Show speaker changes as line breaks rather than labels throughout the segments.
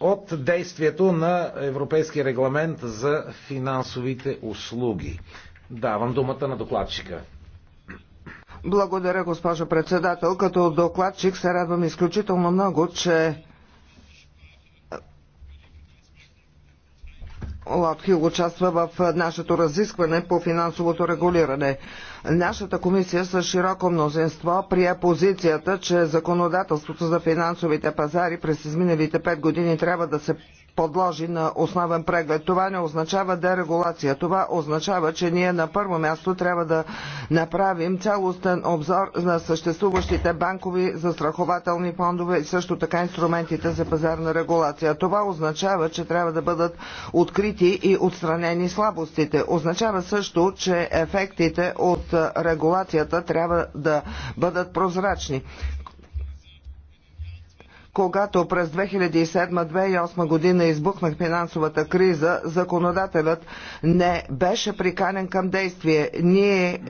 от действието на Европейския регламент за финансовите услуги. Давам думата на докладчика.
Благодаря, госпожо председател. Като докладчик се радвам изключително много, че Лотхил участва в нашето разискване по финансовото регулиране. Нашата комисия с широко мнозинство прие позицията, че законодателството за финансовите пазари през изминалите 5 години трябва да се подложи на основен преглед. Това не означава дерегулация. Това означава, че ние на първо място трябва да направим цялостен обзор на съществуващите банкови застрахователни фондове и също така инструментите за пазарна регулация. Това означава, че трябва да бъдат открити и отстранени слабостите. Означава също, че ефектите от регулацията трябва да бъдат прозрачни когато през 2007-2008 година избухна финансовата криза, законодателят не беше приканен към действие. Ние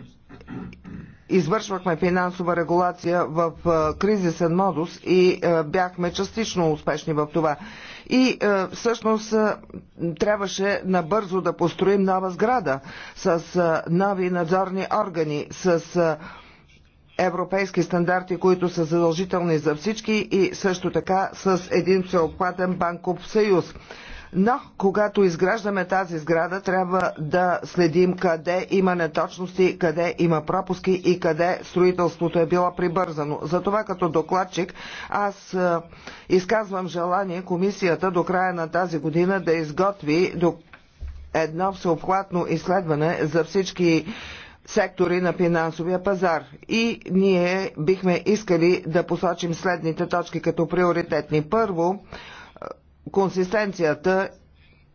извършвахме финансова регулация в кризисен модус и бяхме частично успешни в това. И всъщност трябваше набързо да построим нова сграда с нови надзорни органи, с европейски стандарти, които са задължителни за всички и също така с един всеобхватен банков съюз. Но, когато изграждаме тази сграда, трябва да следим къде има неточности, къде има пропуски и къде строителството е било прибързано. Затова като докладчик аз е, изказвам желание комисията до края на тази година да изготви до едно всеобхватно изследване за всички сектори на финансовия пазар. И ние бихме искали да посочим следните точки като приоритетни. Първо, е, консистенцията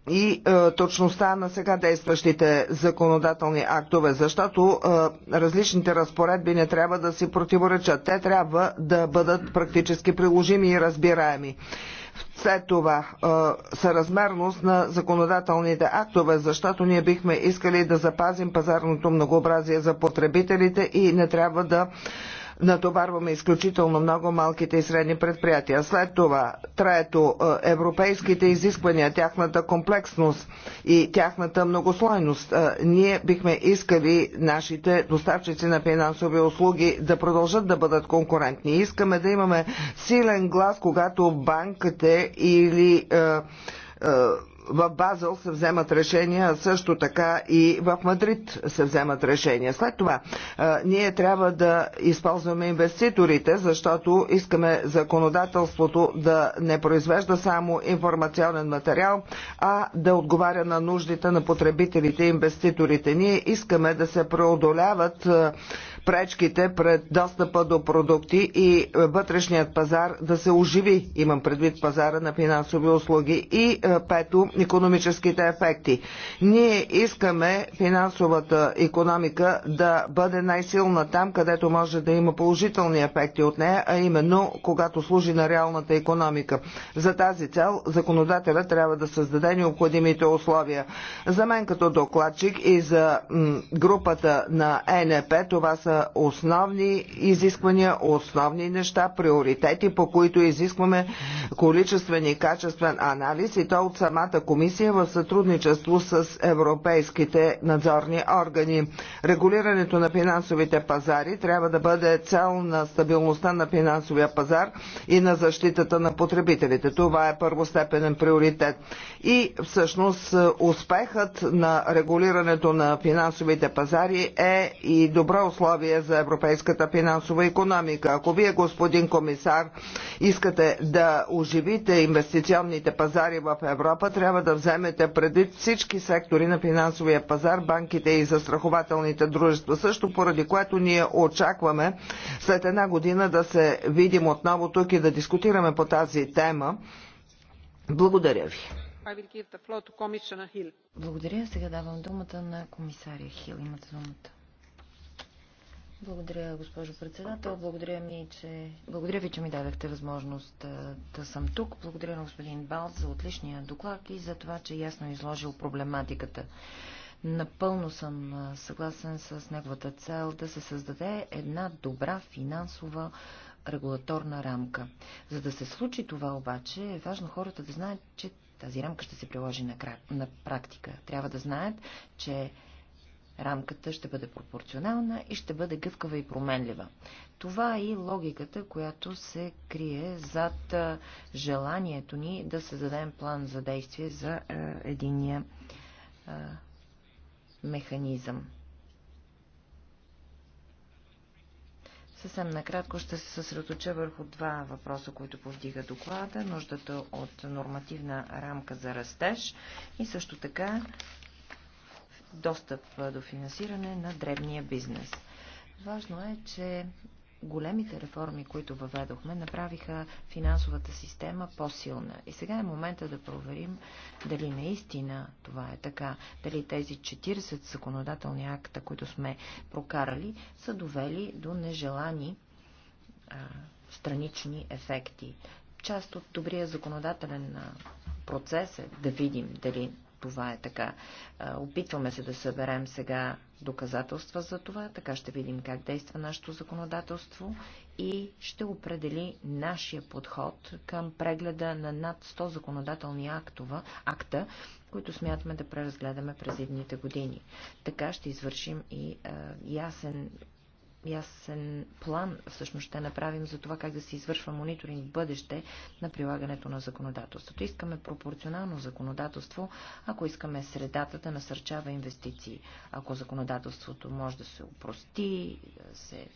и е, точността на сега действащите законодателни актове, защото е, различните разпоредби не трябва да си противоречат. Те трябва да бъдат практически приложими и разбираеми. След това е, съразмерност на законодателните актове, защото ние бихме искали да запазим пазарното многообразие за потребителите и не трябва да натоварваме изключително много малките и средни предприятия. След това, трето, е, европейските изисквания, тяхната комплексност и тяхната многослойност. Е, ние бихме искали нашите доставчици на финансови услуги да продължат да бъдат конкурентни. Искаме да имаме силен глас, когато банките или е, е, в Базел се вземат решения, а също така и в Мадрид се вземат решения. След това ние трябва да използваме инвеститорите, защото искаме законодателството да не произвежда само информационен материал, а да отговаря на нуждите на потребителите и инвеститорите. Ние искаме да се преодоляват пречките пред достъпа до продукти и вътрешният пазар да се оживи, имам предвид пазара на финансови услуги и е, пето, економическите ефекти. Ние искаме финансовата економика да бъде най-силна там, където може да има положителни ефекти от нея, а именно когато служи на реалната економика. За тази цел законодателя трябва да създаде необходимите условия. За мен като докладчик и за групата на ЕНП това са основни изисквания, основни неща, приоритети, по които изискваме количествен и качествен анализ и то от самата комисия в сътрудничество с европейските надзорни органи. Регулирането на финансовите пазари трябва да бъде цел на стабилността на финансовия пазар и на защитата на потребителите. Това е първостепенен приоритет. И всъщност успехът на регулирането на финансовите пазари е и добро условие условия за европейската финансова економика. Ако вие, господин комисар, искате да оживите инвестиционните пазари в Европа, трябва да вземете предвид всички сектори на финансовия пазар, банките и застрахователните дружества, също поради което ние очакваме след една година да се видим отново тук и да дискутираме по тази тема. Благодаря ви.
Благодаря. Сега давам думата на комисария Хил. Имате думата. Благодаря, госпожо председател. Благодаря, ми, че... Благодаря ви, че ми дадахте възможност да съм тук. Благодаря на господин Балт за отличния доклад и за това, че ясно е изложил проблематиката. Напълно съм съгласен с неговата цел да се създаде една добра финансова регулаторна рамка. За да се случи това обаче, е важно хората да знаят, че тази рамка ще се приложи на, на практика. Трябва да знаят, че Рамката ще бъде пропорционална и ще бъде гъвкава и променлива. Това е и логиката, която се крие зад желанието ни да създадем план за действие за единия механизъм. Съвсем накратко ще се съсредоточа върху два въпроса, които повдига доклада. Нуждата от нормативна рамка за растеж и също така достъп до финансиране на древния бизнес. Важно е, че големите реформи, които въведохме, направиха финансовата система по-силна. И сега е момента да проверим дали наистина това е така, дали тези 40 законодателни акта, които сме прокарали, са довели до нежелани а, странични ефекти. Част от добрия законодателен процес е да видим дали това е така. Опитваме се да съберем сега доказателства за това, така ще видим как действа нашето законодателство и ще определи нашия подход към прегледа на над 100 законодателни актова, акта, които смятаме да преразгледаме през едните години. Така ще извършим и е, ясен ясен план всъщност ще направим за това как да се извършва мониторинг в бъдеще на прилагането на законодателството. Искаме пропорционално законодателство, ако искаме средата да насърчава инвестиции. Ако законодателството може да се упрости, да се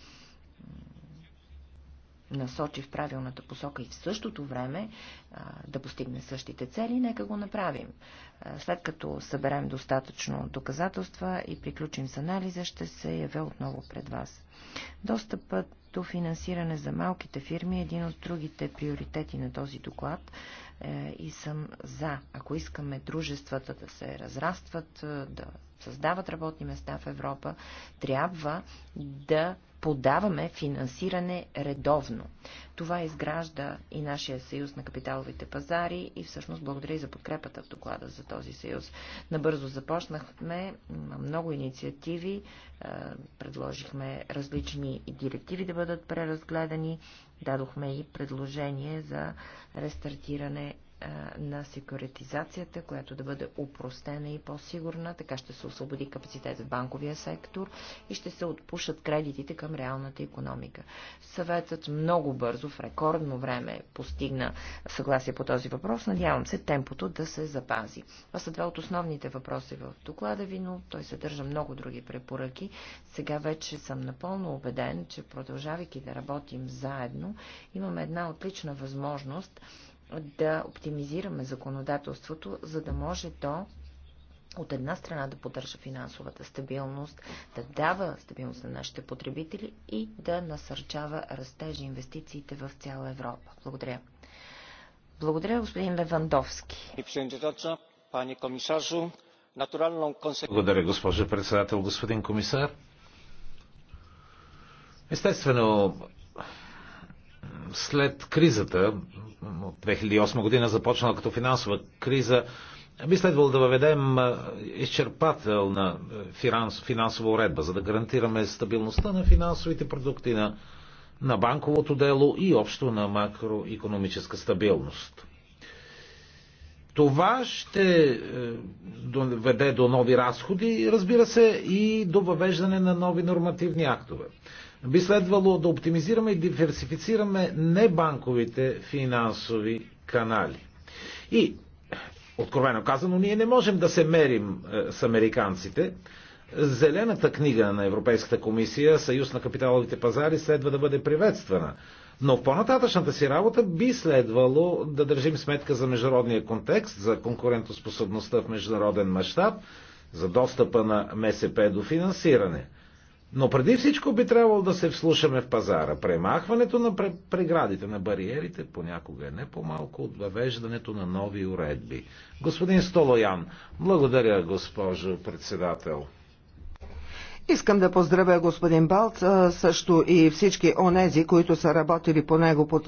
насочи в правилната посока и в същото време а, да постигне същите цели, нека го направим. А, след като съберем достатъчно доказателства и приключим с анализа, ще се явя отново пред вас. Достъпът до финансиране за малките фирми е един от другите приоритети на този доклад е, и съм за. Ако искаме дружествата да се разрастват, е, да създават работни места в Европа, трябва да подаваме финансиране редовно. Това изгражда и нашия съюз на капиталовите пазари и всъщност благодаря и за подкрепата в доклада за този съюз. Набързо започнахме много инициативи, предложихме различни директиви да бъдат преразгледани, дадохме и предложение за рестартиране на секуритизацията, която да бъде упростена и по-сигурна, така ще се освободи капацитет в банковия сектор и ще се отпушат кредитите към реалната економика. Съветът много бързо, в рекордно време, постигна съгласие по този въпрос. Надявам се темпото да се запази. Това са два от основните въпроси в доклада ви, но той съдържа много други препоръки. Сега вече съм напълно убеден, че продължавайки да работим заедно, имаме една отлична възможност да оптимизираме законодателството, за да може то от една страна да поддържа финансовата стабилност, да дава стабилност на нашите потребители и да насърчава растежи инвестициите в цяла Европа. Благодаря. Благодаря, господин Левандовски.
Благодаря, госпожо председател, господин комисар. Естествено, след кризата от 2008 година, започнала като финансова криза, би следвало да въведем изчерпателна финансова уредба, за да гарантираме стабилността на финансовите продукти, на, на банковото дело и общо на макроекономическа стабилност. Това ще е, доведе до нови разходи, разбира се, и до въвеждане на нови нормативни актове. Би следвало да оптимизираме и диверсифицираме небанковите финансови канали. И, откровено казано, ние не можем да се мерим е, с американците. Зелената книга на Европейската комисия, Съюз на капиталовите пазари, следва да бъде приветствана. Но в по-нататъчната си работа би следвало да държим сметка за международния контекст, за конкурентоспособността в международен мащаб, за достъпа на МСП до финансиране – но преди всичко би трябвало да се вслушаме в пазара. Премахването на преградите, на бариерите понякога е не по-малко от въвеждането на нови уредби. Господин Столоян, благодаря, госпожо председател.
Искам да поздравя господин Балт, също и всички онези, които са работили по него по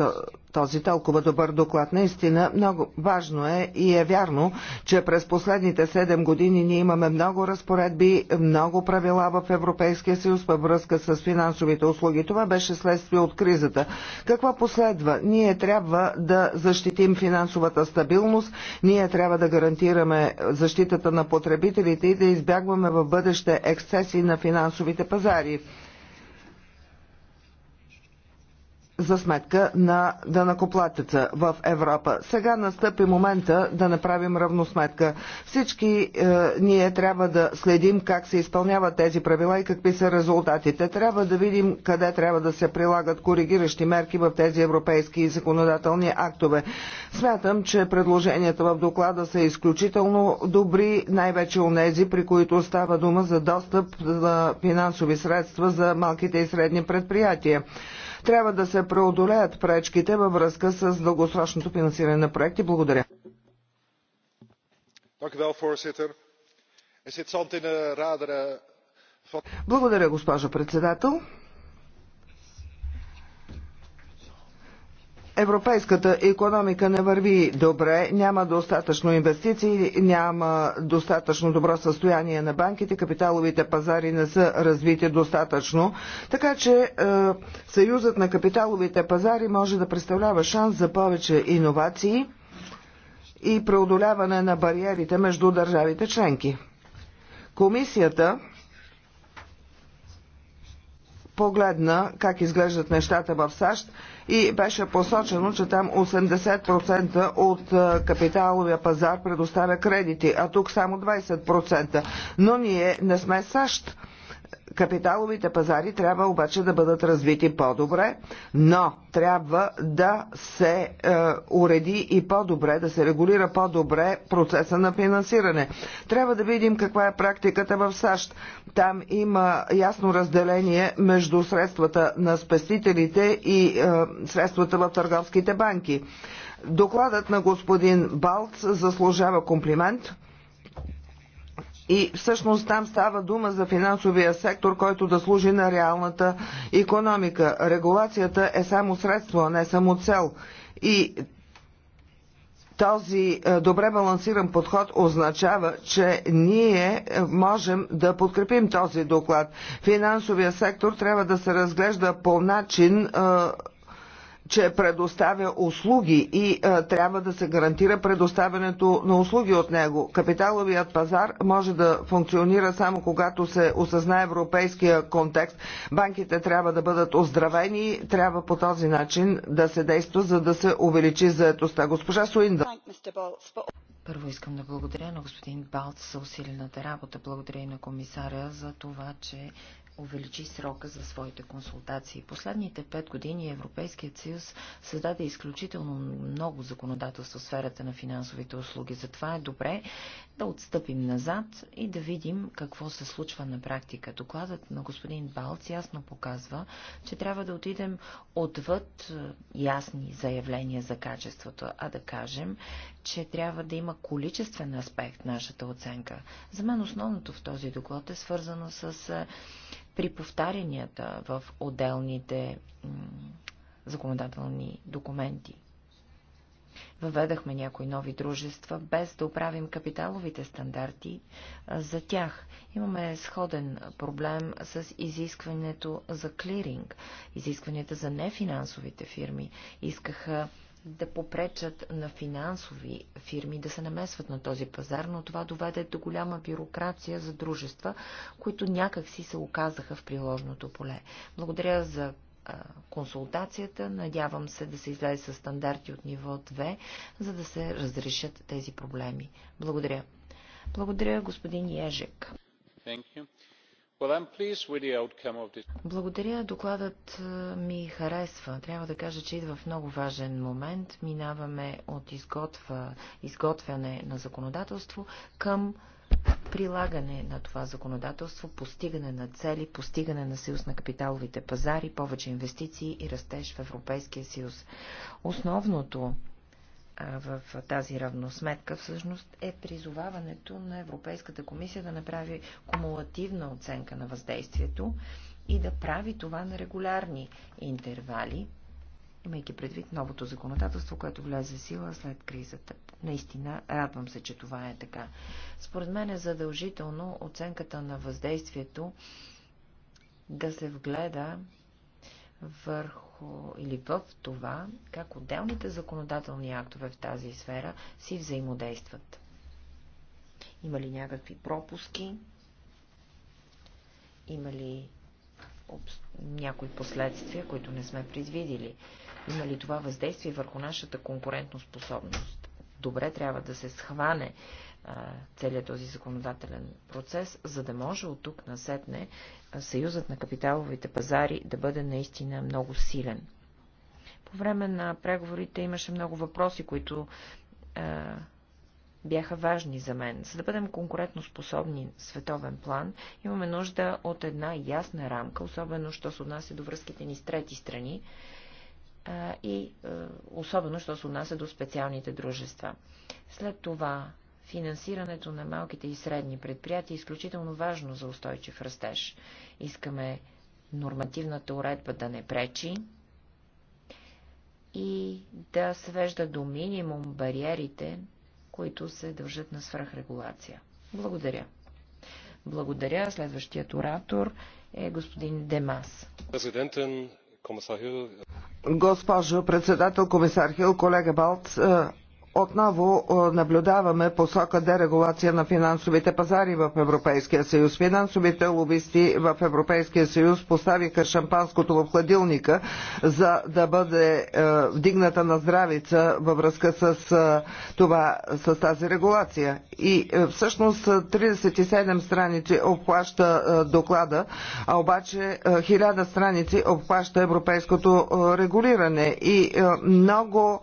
този толкова добър доклад. Наистина много важно е и е вярно, че през последните 7 години ние имаме много разпоредби, много правила в Европейския съюз във връзка с финансовите услуги. Това беше следствие от кризата. Какво последва? Ние трябва да защитим финансовата стабилност, ние трябва да гарантираме защитата на потребителите и да избягваме в бъдеще ексцесии на финансовите пазари. за сметка на дънакоплатеца в Европа. Сега настъпи момента да направим равносметка. Всички е, ние трябва да следим как се изпълняват тези правила и какви са резултатите. Трябва да видим къде трябва да се прилагат коригиращи мерки в тези европейски и законодателни актове. Смятам, че предложенията в доклада са изключително добри, най-вече у нези, при които става дума за достъп на финансови средства за малките и средни предприятия. Трябва да се преодолеят пречките във връзка с дългосрочното финансиране на проекти. Благодаря. Er Благодаря, госпожо председател. Европейската економика не върви добре, няма достатъчно инвестиции, няма достатъчно добро състояние на банките, капиталовите пазари не са развити достатъчно, така че е, съюзът на капиталовите пазари може да представлява шанс за повече иновации и преодоляване на бариерите между държавите членки. Комисията погледна как изглеждат нещата в САЩ и беше посочено, че там 80% от е, капиталовия пазар предоставя кредити, а тук само 20%. Но ние не сме САЩ. Капиталовите пазари трябва обаче да бъдат развити по-добре, но трябва да се е, уреди и по-добре, да се регулира по-добре процеса на финансиране. Трябва да видим каква е практиката в САЩ. Там има ясно разделение между средствата на спестителите и е, средствата в търговските банки. Докладът на господин Балц заслужава комплимент. И всъщност там става дума за финансовия сектор, който да служи на реалната економика. Регулацията е само средство, а не само цел. И този е, добре балансиран подход означава, че ние можем да подкрепим този доклад. Финансовия сектор трябва да се разглежда по начин е, че предоставя услуги и а, е, трябва да се гарантира предоставянето на услуги от него. Капиталовият пазар може да функционира само когато се осъзнае европейския контекст. Банките трябва да бъдат оздравени, трябва по този начин да се действа, за да се увеличи заетостта. Госпожа Суинда.
Първо искам да благодаря на господин Балц за усилената работа. Благодаря и на комисаря за това, че увеличи срока за своите консултации. Последните пет години Европейският съюз създаде изключително много законодателство в сферата на финансовите услуги. Затова е добре да отстъпим назад и да видим какво се случва на практика. Докладът на господин Балц ясно показва, че трябва да отидем отвъд е, ясни заявления за качеството, а да кажем, че трябва да има количествен аспект нашата оценка. За мен основното в този доклад е свързано с приповтаренията в отделните законодателни документи. Въведахме някои нови дружества, без да оправим капиталовите стандарти за тях. Имаме сходен проблем с изискването за клиринг. Изискванията за нефинансовите фирми искаха да попречат на финансови фирми да се намесват на този пазар, но това доведе до голяма бюрокрация за дружества, които някак си се оказаха в приложното поле. Благодаря за консултацията. Надявам се да се излезе с стандарти от ниво 2, за да се разрешат тези проблеми. Благодаря. Благодаря, господин Ежек. Thank you. Благодаря. Докладът ми харесва. Трябва да кажа, че идва в много важен момент. Минаваме от изготвя, изготвяне на законодателство към прилагане на това законодателство, постигане на цели, постигане на съюз на капиталовите пазари, повече инвестиции и растеж в Европейския съюз. Основното в тази равносметка всъщност е призоваването на Европейската комисия да направи кумулативна оценка на въздействието и да прави това на регулярни интервали, имайки предвид новото законодателство, което влезе в сила след кризата. Наистина, радвам се, че това е така. Според мен е задължително оценката на въздействието да се вгледа върху или в това, как отделните законодателни актове в тази сфера си взаимодействат. Има ли някакви пропуски? Има ли обс... някои последствия, които не сме предвидили? Има ли това въздействие върху нашата конкурентоспособност? добре трябва да се схване целият този законодателен процес, за да може от тук насетне съюзът на капиталовите пазари да бъде наистина много силен. По време на преговорите имаше много въпроси, които е, бяха важни за мен. За да бъдем конкурентно способни в световен план, имаме нужда от една ясна рамка, особено що се отнася до връзките ни с трети страни, и особено, що се отнася до специалните дружества. След това финансирането на малките и средни предприятия е изключително важно за устойчив растеж. Искаме нормативната уредба да не пречи и да свежда до минимум бариерите, които се дължат на свръхрегулация. Благодаря. Благодаря. Следващият оратор е господин Демас.
Президентен,
Госпожо председател, комисар Хил, колега Балт, отново е, наблюдаваме посока дерегулация на финансовите пазари в Европейския съюз. Финансовите лобисти в Европейския съюз поставиха шампанското в хладилника, за да бъде е, вдигната на здравица във връзка с, е, това, с тази регулация. И всъщност 37 страници обхваща доклада, а обаче 1000 страници обхваща европейското регулиране. И много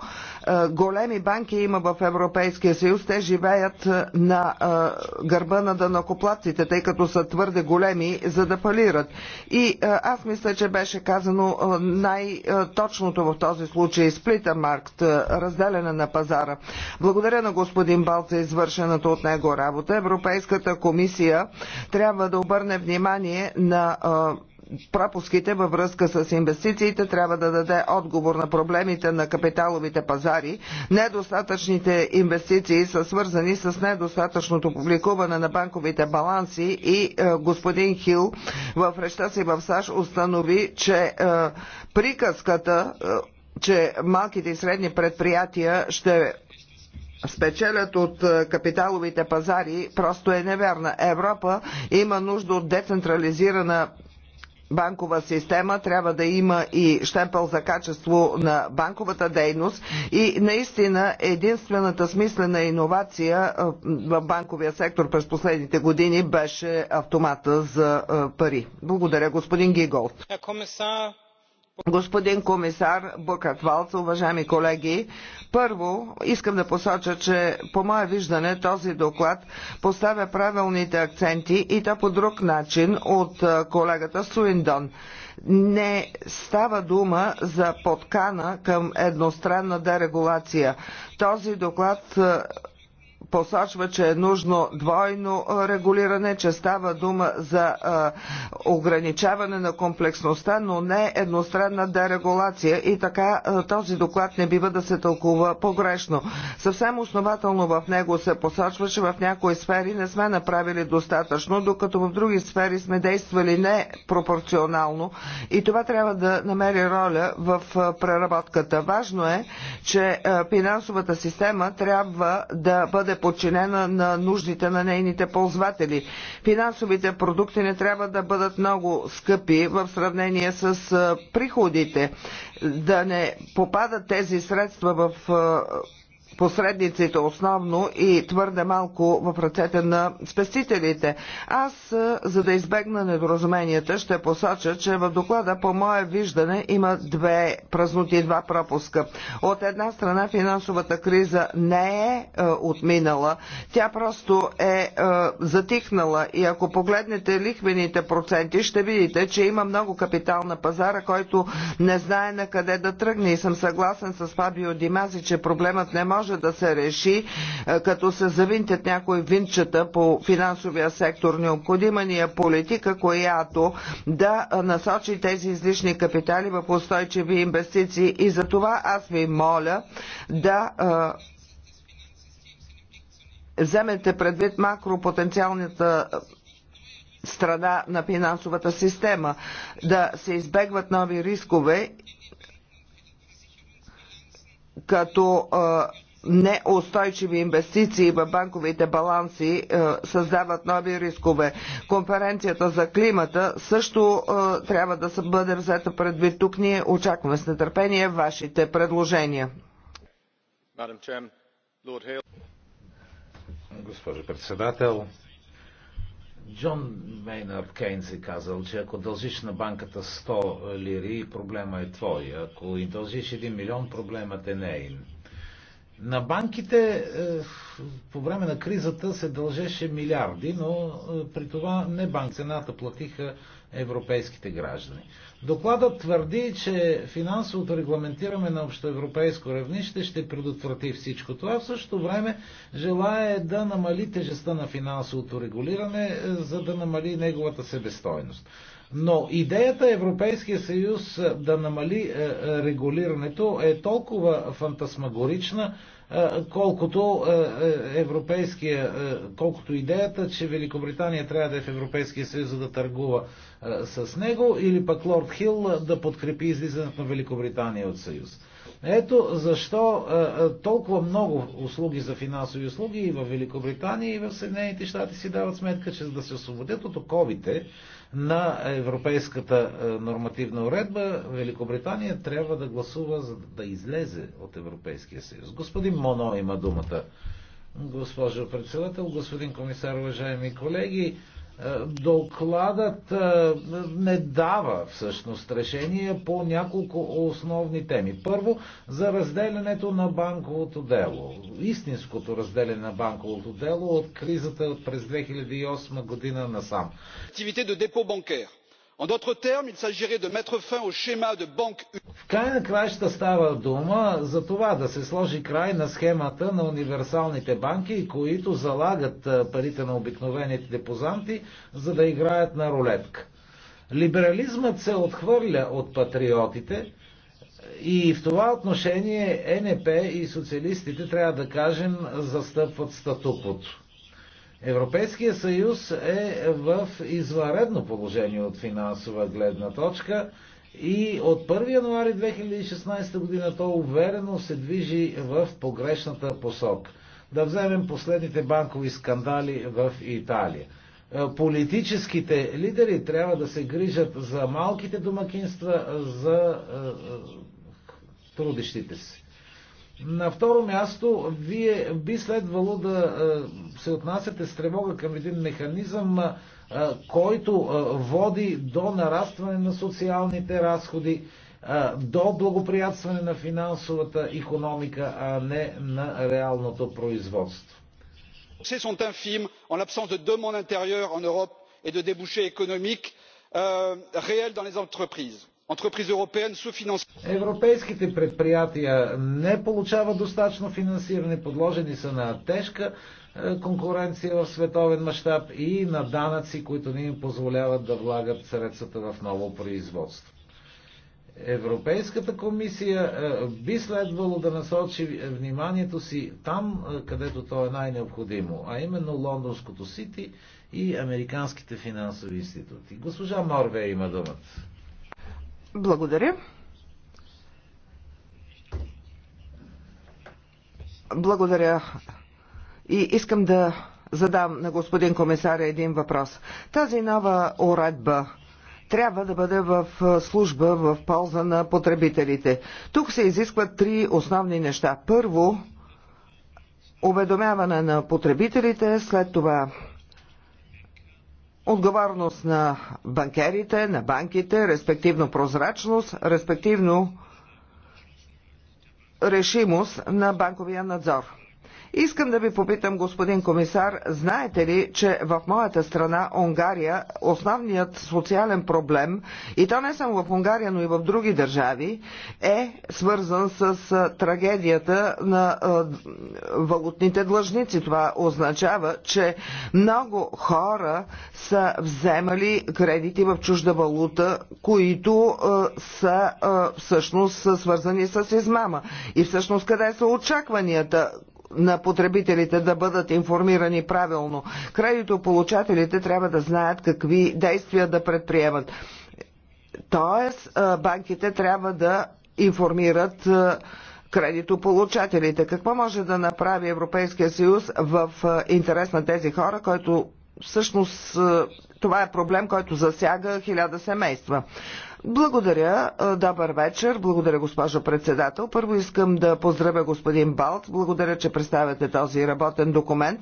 е, големи банки има в Европейския съюз, те живеят е, на е, гърба на данакоплатците, тъй като са твърде големи, за да фалират. И аз мисля, че беше казано най-точното в този случай сплита маркт, разделена на пазара. Благодаря на господин Балт за извършената от него работа. Европейската комисия трябва да обърне внимание на пропуските във връзка с инвестициите, трябва да даде отговор на проблемите на капиталовите пазари. Недостатъчните инвестиции са свързани с недостатъчното публикуване на банковите баланси и е, господин Хил в реща си в САЩ установи, че е, приказката, е, че малките и средни предприятия ще спечелят от е, капиталовите пазари просто е невярна. Европа има нужда от децентрализирана банкова система трябва да има и щемпел за качество на банковата дейност и наистина единствената смислена иновация е, в банковия сектор през последните години беше автомата за е, пари. Благодаря, господин Гигол. Господин комисар Буркат Валц, уважаеми колеги, първо искам да посоча, че по мое виждане този доклад поставя правилните акценти и то по друг начин от колегата Суиндон не става дума за подкана към едностранна дерегулация. Този доклад посочва, че е нужно двойно регулиране, че става дума за а, ограничаване на комплексността, но не едностранна дерегулация и така а, този доклад не бива да се тълкува погрешно. Съвсем основателно в него се посочва, че в някои сфери не сме направили достатъчно, докато в други сфери сме действали непропорционално и това трябва да намери роля в преработката. Важно е, че финансовата система трябва да бъде бъде подчинена на нуждите на нейните ползватели. Финансовите продукти не трябва да бъдат много скъпи в сравнение с приходите. Да не попадат тези средства в посредниците основно и твърде малко в ръцете на спестителите. Аз, за да избегна недоразуменията, ще посоча, че в доклада по мое виждане има две празноти, два пропуска. От една страна финансовата криза не е, е отминала, тя просто е, е затихнала и ако погледнете лихвените проценти, ще видите, че има много капитал на пазара, който не знае на къде да тръгне и съм съгласен с Фабио Димази, че проблемът не може може да се реши, е, като се завинтят някои винчета по финансовия сектор. Необходима ни е политика, която да насочи тези излишни капитали в устойчиви инвестиции. И за това аз ви моля да е, вземете предвид макропотенциалната страна на финансовата система, да се избегват нови рискове, като а, е, неустойчиви инвестиции в банковите баланси е, създават нови рискове. Конференцията за климата също е, трябва да се бъде взета предвид. Тук ние очакваме с нетърпение вашите предложения.
Госпожо председател, Джон Мейнард Кейнс е казал, че ако дължиш на банката 100 лири, проблема е твой. Ако и дължиш 1 милион, проблемът е нейн. На банките е, по време на кризата се дължеше милиарди, но е, при това не банк цената платиха европейските граждани. Докладът твърди, че финансовото регламентиране на общоевропейско равнище ще предотврати всичко това. В същото време желая да намали тежестта на финансовото регулиране, е, за да намали неговата себестойност. Но идеята Европейския съюз е, да намали е, регулирането е толкова фантасмагорична, е, колкото е, е, европейския, колкото идеята, че Великобритания трябва да е в Европейския съюз, за да търгува с него, или пък Лорд Хил да подкрепи излизането на Великобритания от съюз. Ето защо е, е, толкова много услуги за финансови услуги и в Великобритания, и в Съединените щати си дават сметка, че за да се освободят от оковите на европейската е, нормативна уредба, Великобритания трябва да гласува за да излезе от Европейския съюз. Господин Моно има думата. Госпожо председател, господин комисар, уважаеми колеги, е, докладът е, не дава всъщност решение по няколко основни теми. Първо, за разделянето на банковото дело. Истинското разделяне на банковото дело от кризата през 2008 година насам. Активите до депо банкер en d'autres termes il s'agirait de mettre fin au schéma de banque В край на става дума за това да се сложи край на схемата на универсалните банки, които залагат парите на обикновените депозанти, за да играят на рулетка. Либерализмът се отхвърля от патриотите и в това отношение НП и социалистите трябва да кажем застъпват статуквото. Европейския съюз е в извънредно положение от финансова гледна точка и от 1 януари 2016 година то уверено се движи в погрешната посока. Да вземем последните банкови скандали в Италия. Е, политическите лидери трябва да се грижат за малките домакинства, за е, е, трудещите си. На второ място, вие би следвало да е, се отнасяте с тревога към един механизъм, е, който е, води до нарастване на социалните разходи, до благоприятстване на финансовата економика, а не на реалното производство. sont infimes en l'absence de demande intérieure en Europe et de débouchés économiques euh, réels dans les entreprises Европейските предприятия не получават достатъчно финансиране, подложени са на тежка е, конкуренция в световен мащаб и на данъци, които не им позволяват да влагат средствата в ново производство. Европейската комисия е, би следвало да насочи вниманието си там, е, където то е най-необходимо, а именно Лондонското Сити и американските финансови институти. Госпожа Морве има думата.
Благодаря. Благодаря. И искам да задам на господин комисаря един въпрос. Тази нова уредба трябва да бъде в служба в полза на потребителите. Тук се изискват три основни неща. Първо, уведомяване на потребителите, след това отговорност на банкерите, на банките, респективно прозрачност, респективно решимост на банковия надзор. Искам да ви попитам, господин комисар, знаете ли, че в моята страна, Унгария, основният социален проблем, и то не само в Унгария, но и в други държави, е свързан с трагедията на валутните длъжници. Това означава, че много хора са вземали кредити в чужда валута, които са всъщност свързани с измама. И всъщност къде са очакванията? на потребителите да бъдат информирани правилно. Кредитополучателите трябва да знаят какви действия да предприемат. Тоест, банките трябва да информират кредитополучателите. Какво може да направи Европейския съюз в интерес на тези хора, който всъщност това е проблем, който засяга хиляда семейства. Благодаря, добър вечер, благодаря госпожо председател. Първо искам да поздравя господин Балт, благодаря, че представяте този работен документ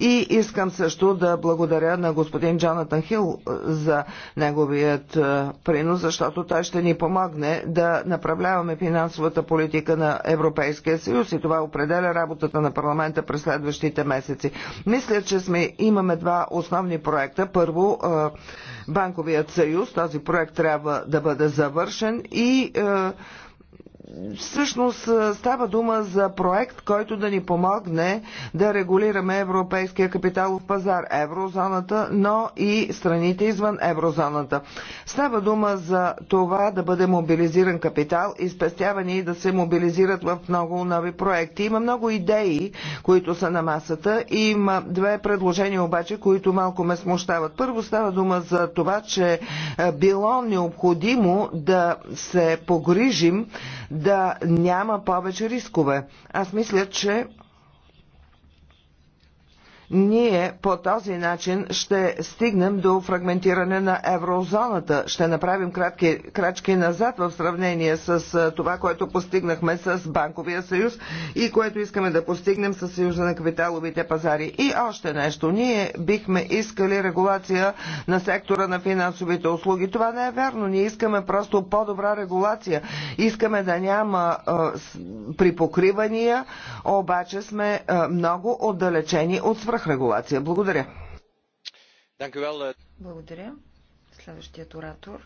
и искам също да благодаря на господин Джонатан Хил за неговият принос, защото той ще ни помогне да направляваме финансовата политика на Европейския съюз и това определя работата на парламента през следващите месеци. Мисля, че сме, имаме два основни проекта. Първо, Банковият съюз. Този проект трябва да бъде завършен и е, всъщност става дума за проект, който да ни помогне да регулираме европейския капиталов пазар, еврозоната, но и страните извън еврозоната. Става дума за това да бъде мобилизиран капитал и спестявани и да се мобилизират в много нови проекти. Има много идеи, които са на масата и има две предложения обаче, които малко ме смущават. Първо става дума за това, че било необходимо да се погрижим да няма повече рискове. Аз мисля, че ние по този начин ще стигнем до фрагментиране на еврозоната. Ще направим кратки, крачки назад в сравнение с това, което постигнахме с Банковия съюз и което искаме да постигнем с Съюза на капиталовите пазари. И още нещо. Ние бихме искали регулация на сектора на финансовите услуги. Това не е вярно. Ние искаме просто по-добра регулация. Искаме да няма а, припокривания, обаче сме а, много отдалечени от свръх регулация. Благодаря.
Благодаря. Следващият оратор.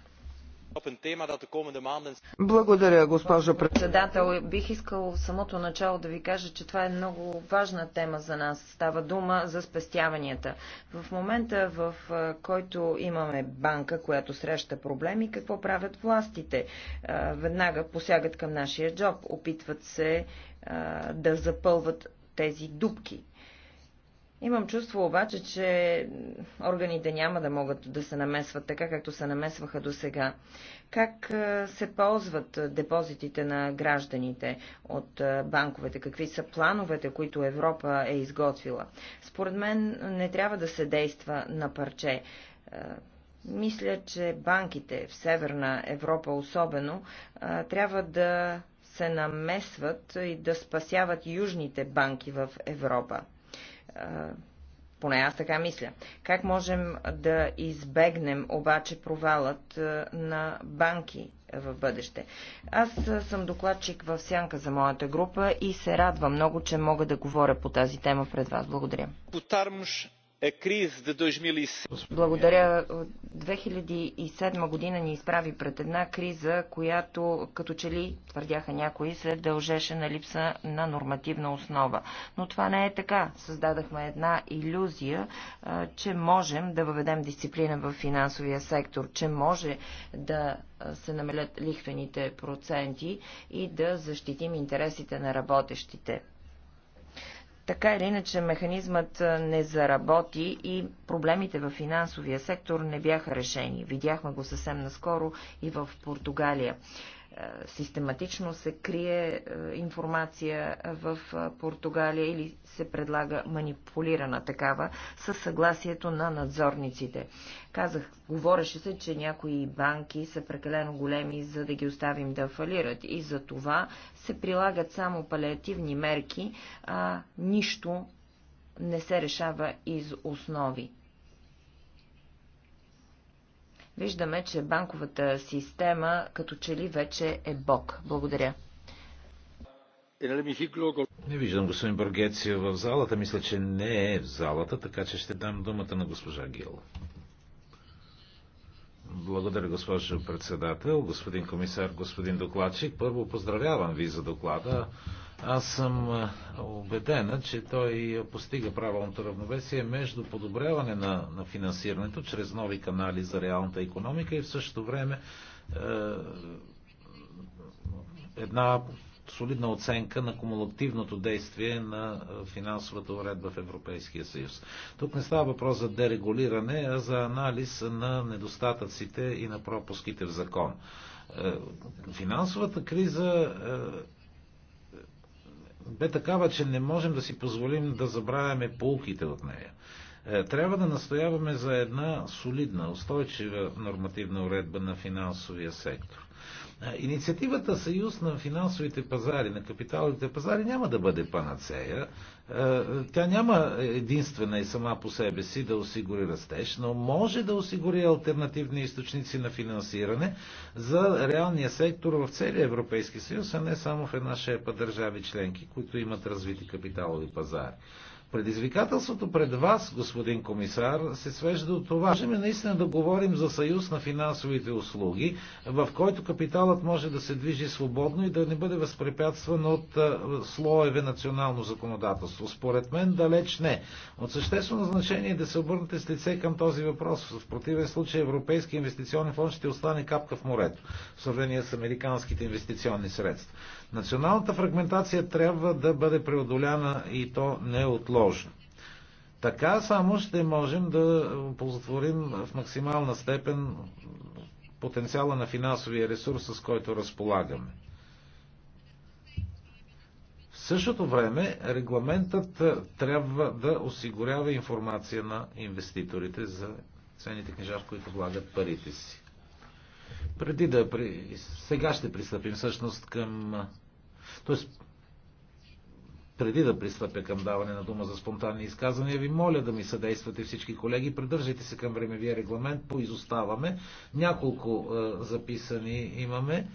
Благодаря, госпожо председател.
Бих искал в самото начало да ви кажа, че това е много важна тема за нас. Става дума за спестяванията. В момента, в който имаме банка, която среща проблеми, какво правят властите? Веднага посягат към нашия джоб, опитват се да запълват тези дубки Имам чувство обаче, че органите няма да могат да се намесват така, както се намесваха до сега. Как се ползват депозитите на гражданите от банковете? Какви са плановете, които Европа е изготвила? Според мен не трябва да се действа на парче. Мисля, че банките в Северна Европа особено трябва да се намесват и да спасяват южните банки в Европа. Поне аз така мисля. Как можем да избегнем обаче провалът на банки в бъдеще? Аз съм докладчик в Сянка за моята група и се радвам много, че мога да говоря по тази тема пред вас. Благодаря. Е Благодаря. 2007 година ни изправи пред една криза, която, като че ли, твърдяха някои, се дължеше на липса на нормативна основа. Но това не е така. Създадахме една иллюзия, че можем да въведем дисциплина в финансовия сектор, че може да се намалят лихвените проценти и да защитим интересите на работещите. Така или иначе механизмът не заработи и проблемите в финансовия сектор не бяха решени. Видяхме го съвсем наскоро и в Португалия. Е, систематично се крие е, информация в е, Португалия или се предлага манипулирана такава със съгласието на надзорниците. Казах, говореше се, че някои банки са прекалено големи, за да ги оставим да фалират и за това се прилагат само палиативни мерки, а нищо не се решава из основи. Виждаме, че банковата система като че ли вече е бог. Благодаря.
Не виждам господин Бъргеци в залата. Мисля, че не е в залата, така че ще дам думата на госпожа Гил. Благодаря, госпожо председател, господин комисар, господин докладчик. Първо поздравявам ви за доклада. Аз съм убедена, че той постига правилното равновесие между подобряване на, на финансирането чрез нови канали за реалната економика и в същото време е, една солидна оценка на кумулативното действие на е, финансовата уредба в Европейския съюз. Тук не става въпрос за дерегулиране, а за анализ на недостатъците и на пропуските в закон. Е, финансовата криза е, бе такава, че не можем да си позволим да забравяме полките от нея. Е, трябва да настояваме за една солидна, устойчива нормативна уредба на финансовия сектор. Е, инициативата Съюз на финансовите пазари, на капиталните пазари няма да бъде панацея, е, тя няма единствена и сама по себе си да осигури растеж, но може да осигури альтернативни източници на финансиране за реалния сектор в целия Европейски съюз, а не само в една шепа държави членки, които имат развити капиталови пазари. Предизвикателството пред вас, господин комисар, се свежда до това. Можем наистина да говорим за съюз на финансовите услуги, в който капиталът може да се движи свободно и да не бъде възпрепятстван от слоеве национално законодателство. Според мен далеч не. От съществено значение е да се обърнете с лице към този въпрос. В противен случай Европейски инвестиционен фонд ще остане капка в морето в сравнение с американските инвестиционни средства. Националната фрагментация трябва да бъде преодоляна и то неотложно. Така само ще можем да оползотворим в максимална степен потенциала на финансовия ресурс, с който разполагаме. В същото време регламентът трябва да осигурява информация на инвеститорите за ценните книжа, в които влагат парите си. Преди да... При... Сега ще пристъпим всъщност към... Тоест, преди да пристъпя към даване на дума за спонтанни изказвания, ви моля да ми съдействате всички колеги. Придържайте се към времевия регламент, поизоставаме. Няколко е, записани имаме е,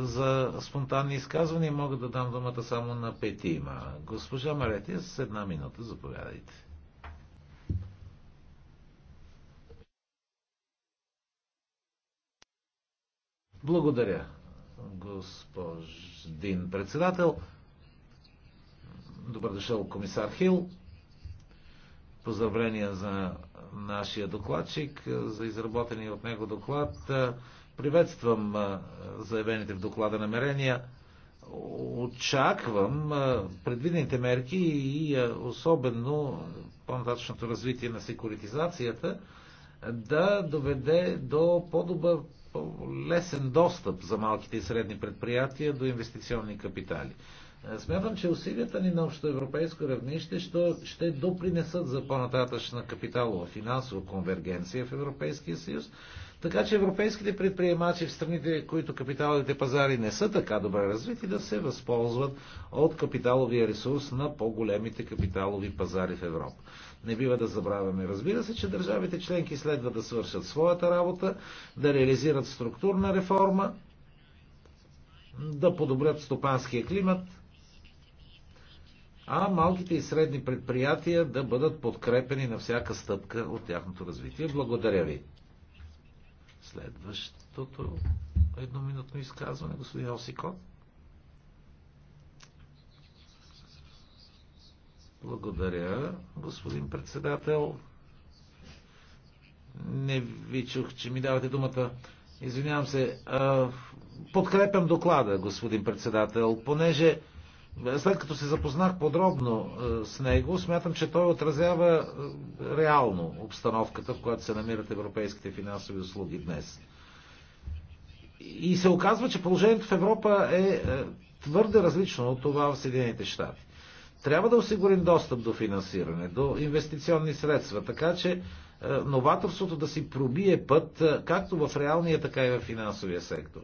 за спонтанни изказвания. Мога да дам думата само на петима. Госпожа Маретия, с една минута, заповядайте. Благодаря, господин председател. Добър дошъл, комисар Хил. Поздравления за нашия докладчик, за изработения от него доклад. Приветствам заявените в доклада намерения. Очаквам предвидените мерки и особено по-нататъчното развитие на секуритизацията да доведе до по-добър лесен достъп за малките и средни предприятия до инвестиционни капитали. Е, смятам, че усилията ни на общо европейско равнище ще, ще допринесат за по-нататъчна капиталова финансова конвергенция в Европейския съюз, така че европейските предприемачи в страните, които капиталовите пазари не са така добре развити, да се възползват от капиталовия ресурс на по-големите капиталови пазари в Европа. Не бива да забравяме. Разбира се, че държавите членки следва да свършат своята работа, да реализират структурна реформа, да подобрят стопанския климат, а малките и средни предприятия да бъдат подкрепени на всяка стъпка от тяхното развитие. Благодаря ви. Следващото едноминутно изказване, господин Осикот. Благодаря, господин председател. Не ви чух, че ми давате думата. Извинявам се. Подкрепям доклада, господин председател, понеже след като се запознах подробно с него, смятам, че той отразява реално обстановката, в която се намират европейските финансови услуги днес. И се оказва, че положението в Европа е твърде различно от това в Съединените щати. Трябва да осигурим достъп до финансиране, до инвестиционни средства, така че е, новаторството да си пробие път е, както в реалния, така и в финансовия сектор.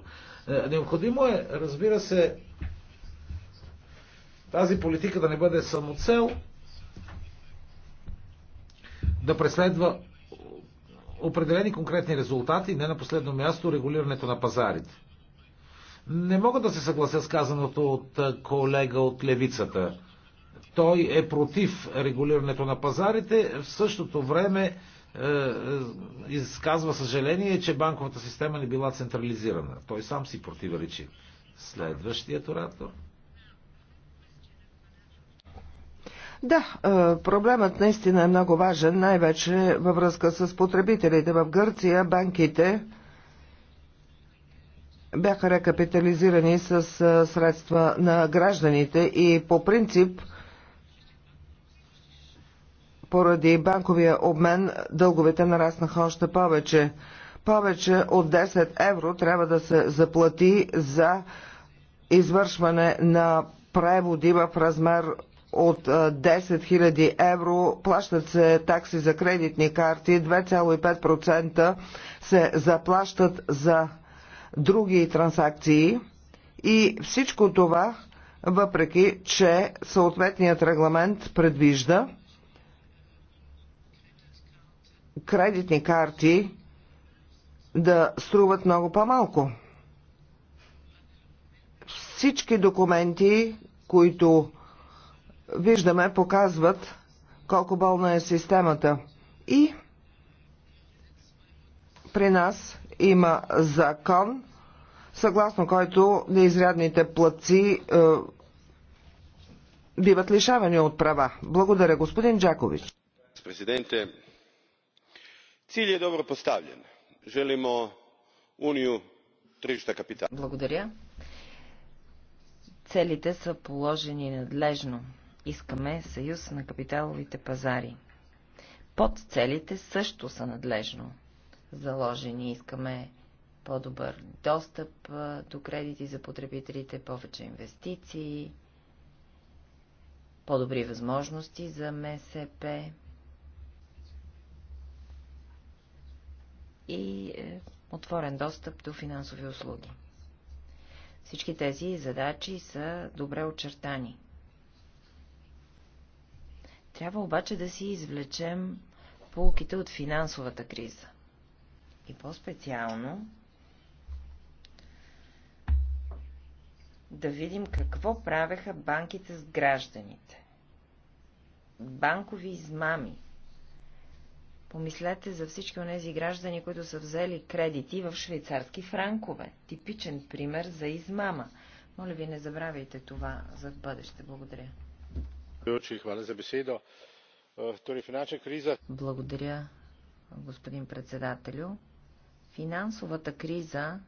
Е, необходимо е, разбира се, тази политика да не бъде самоцел, да преследва определени конкретни резултати, не на последно място регулирането на пазарите. Не мога да се съглася с казаното от колега от левицата той е против регулирането на пазарите, в същото време е, е, изказва съжаление, че банковата система не била централизирана. Той сам си противоречи. Следващият оратор.
Да, е, проблемът наистина е много важен, най-вече във връзка с потребителите. В Гърция банките бяха рекапитализирани с средства на гражданите и по принцип – поради банковия обмен дълговете нараснаха още повече. Повече от 10 евро трябва да се заплати за извършване на преводи в размер от 10 000 евро, плащат се такси за кредитни карти, 2,5% се заплащат за други транзакции и всичко това, въпреки че съответният регламент предвижда кредитни карти да струват много по-малко. Всички документи, които виждаме, показват колко болна е системата. И при нас има закон, съгласно който неизрядните платци е, биват лишавани от права. Благодаря, господин Джакович
cilj je dobro postavljen elimo uniju trita kapitala.
Благодаря.
Целите са положени надлежно. Искаме съюз на капиталовите пазари. Под целите също са надлежно заложени. Искаме по-добър достъп до кредити за потребителите, повече инвестиции, по-добри възможности за МСП. и е, отворен достъп до финансови услуги. Всички тези задачи са добре очертани. Трябва обаче да си извлечем полуките от финансовата криза. И по-специално да видим какво правеха банките с гражданите. Банкови измами, Помислете за всички онези граждани, които са взели кредити в швейцарски франкове. Типичен пример за измама. Моля ви, не забравяйте това за бъдеще. Благодаря. Благодаря, господин председателю. Финансовата криза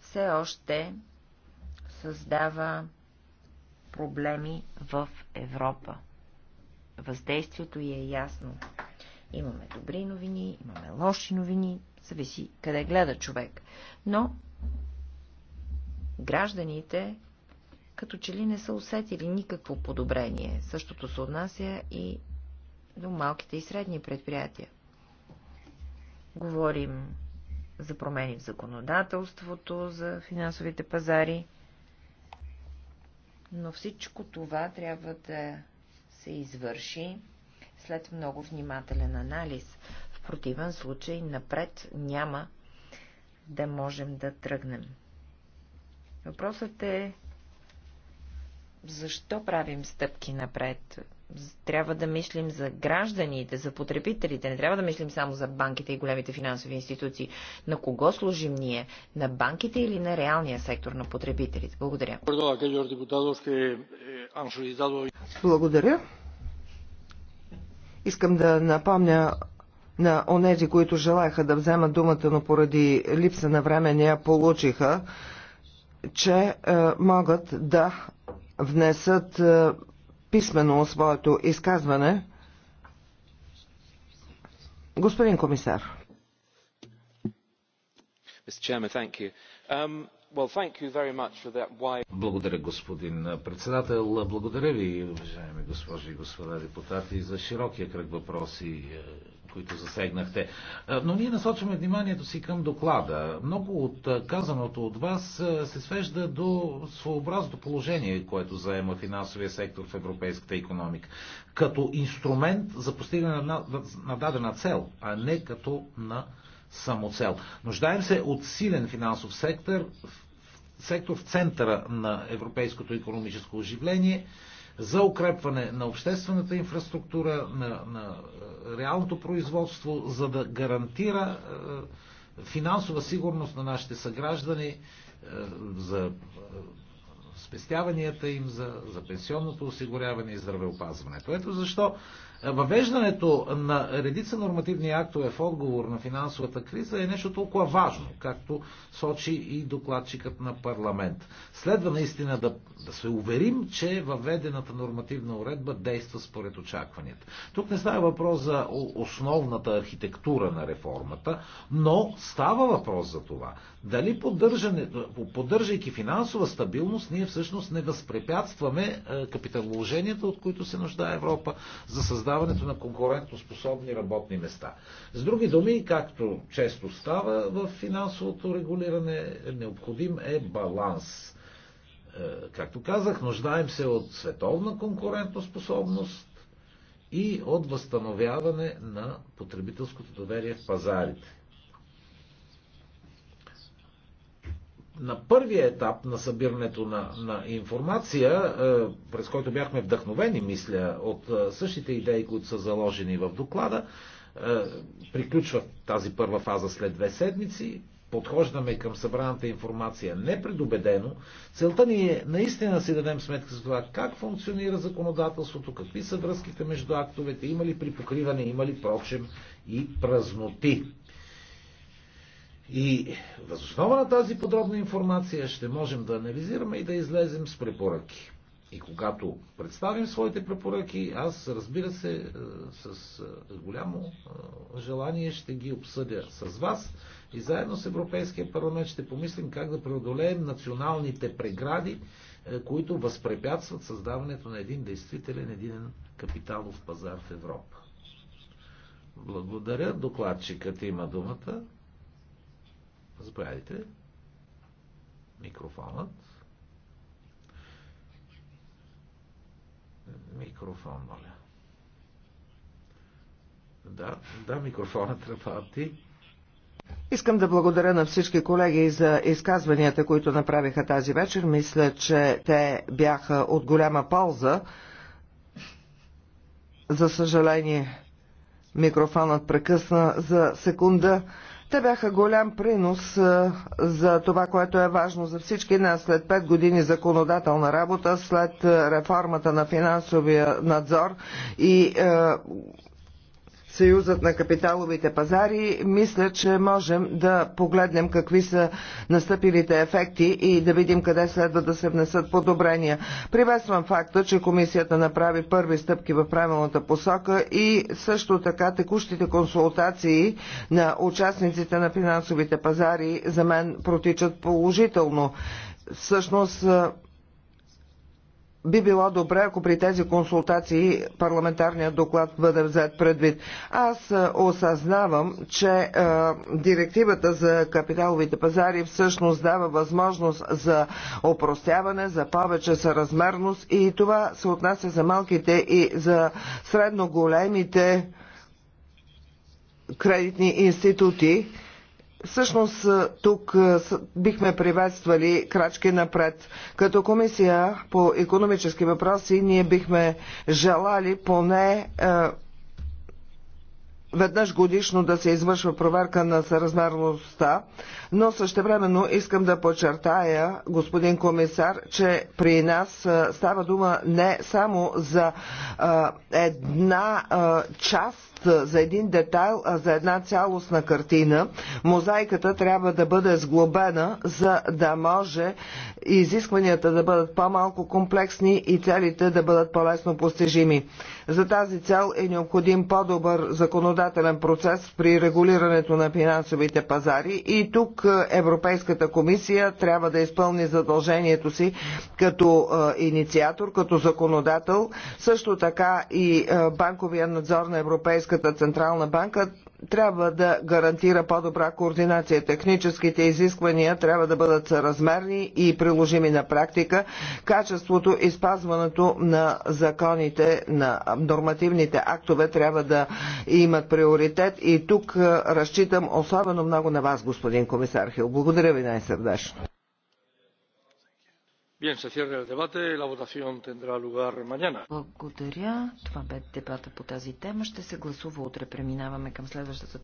все още създава проблеми в Европа. Въздействието й е ясно. Имаме добри новини, имаме лоши новини, зависи къде гледа човек. Но гражданите като че ли не са усетили никакво подобрение. Същото се отнася и до малките и средни предприятия. Говорим за промени в законодателството, за финансовите пазари, но всичко това трябва да се извърши след много внимателен анализ. В противен случай напред няма да можем да тръгнем. Въпросът е защо правим стъпки напред? Трябва да мислим за гражданите, за потребителите, не трябва да мислим само за банките и големите финансови институции. На кого служим ние? На банките или на реалния сектор на потребителите? Благодаря.
Eh,
Благодаря. Искам да напомня на онези, които желаяха да вземат думата, но поради липса на време не я получиха, че е, могат да внесат е, писменно своето изказване. Господин комисар. Mr. Chairman, thank you. Um,
благодаря, господин председател. Благодаря ви, уважаеми госпожи и господа депутати, за широкия кръг въпроси, е, които засегнахте. Е, но ние насочваме вниманието си към доклада. Много от е, казаното от вас се свежда до своеобразното положение, което заема финансовия сектор в европейската економика, като инструмент за постигане на дадена цел, а не като на самоцел. Нуждаем се от силен финансов сектор, сектор в центъра на европейското економическо оживление за укрепване на обществената инфраструктура, на, на е, реалното производство, за да гарантира е, финансова сигурност на нашите съграждани е, за спестяванията им, за, за пенсионното осигуряване и здравеопазването. Ето защо Въвеждането на редица нормативни актове в отговор на финансовата криза е нещо толкова важно, както сочи и докладчикът на парламент. Следва наистина да, да се уверим, че въведената нормативна уредба действа според очакванията. Тук не става въпрос за основната архитектура на реформата, но става въпрос за това. Дали поддържайки финансова стабилност, ние всъщност не възпрепятстваме е, капиталовложенията, от които се нуждае Европа за създаване създаването на конкурентоспособни работни места. С други думи, както често става в финансовото регулиране, необходим е баланс. Е, както казах, нуждаем се от световна конкурентоспособност и от възстановяване на потребителското доверие в пазарите. на първия етап на събирането на, на информация, е, през който бяхме вдъхновени, мисля, от е, същите идеи, които са заложени в доклада, е, приключва тази първа фаза след две седмици, подхождаме към събраната информация непредобедено. Целта ни е наистина да си дадем сметка за това как функционира законодателството, какви са връзките между актовете, има ли припокриване, има ли прочем и празноти. И възоснова на тази подробна информация ще можем да анализираме и да излезем с препоръки. И когато представим своите препоръки, аз разбира се е, с е, голямо е, желание ще ги обсъдя с вас и заедно с Европейския парламент ще помислим как да преодолеем националните прегради, които възпрепятстват създаването на един действителен един капиталов пазар в Европа. Благодаря. Докладчикът има думата. Заповядайте. Микрофонът. Микрофон, моля. Да, да, микрофонът работи.
Искам да благодаря на всички колеги за изказванията, които направиха тази вечер. Мисля, че те бяха от голяма полза. За съжаление, микрофонът прекъсна за секунда. Те бяха голям принос за това, което е важно за всички нас след 5 години законодателна работа, след реформата на финансовия надзор и Съюзът на капиталовите пазари, мисля, че можем да погледнем какви са настъпилите ефекти и да видим къде следва да се внесат подобрения. Приветствам факта, че комисията направи първи стъпки в правилната посока и също така текущите консултации на участниците на финансовите пазари за мен протичат положително. Всъщност би било добре, ако при тези консултации парламентарният доклад бъде взет предвид. Аз е, осъзнавам, че е, директивата за капиталовите пазари всъщност дава възможност за опростяване, за повече съразмерност и това се отнася за малките и за средно големите кредитни институти. Всъщност тук бихме приветствали крачки напред. Като комисия по економически въпроси ние бихме желали поне е, веднъж годишно да се извършва проверка на съразмерността, но същевременно искам да подчертая, господин комисар, че при нас става дума не само за една част за един детайл, а за една цялостна картина. Мозайката трябва да бъде сглобена, за да може изискванията да бъдат по-малко комплексни и целите да бъдат по-лесно постижими. За тази цел е необходим по-добър законодателен процес при регулирането на финансовите пазари и тук Европейската комисия трябва да изпълни задължението си като инициатор, като законодател, също така и банковия надзор на Европейската Европейската централна банка трябва да гарантира по-добра координация. Техническите изисквания трябва да бъдат съразмерни и приложими на практика. Качеството и спазването на законите, на нормативните актове трябва да имат приоритет и тук разчитам особено много на вас, господин комисар Хил. Благодаря ви най-сърдечно.
Bien, se cierra el debate. La votación tendrá lugar mañana.
Благодаря. Това бе дебата по тази тема. Ще се гласува утре. Преминаваме към следващата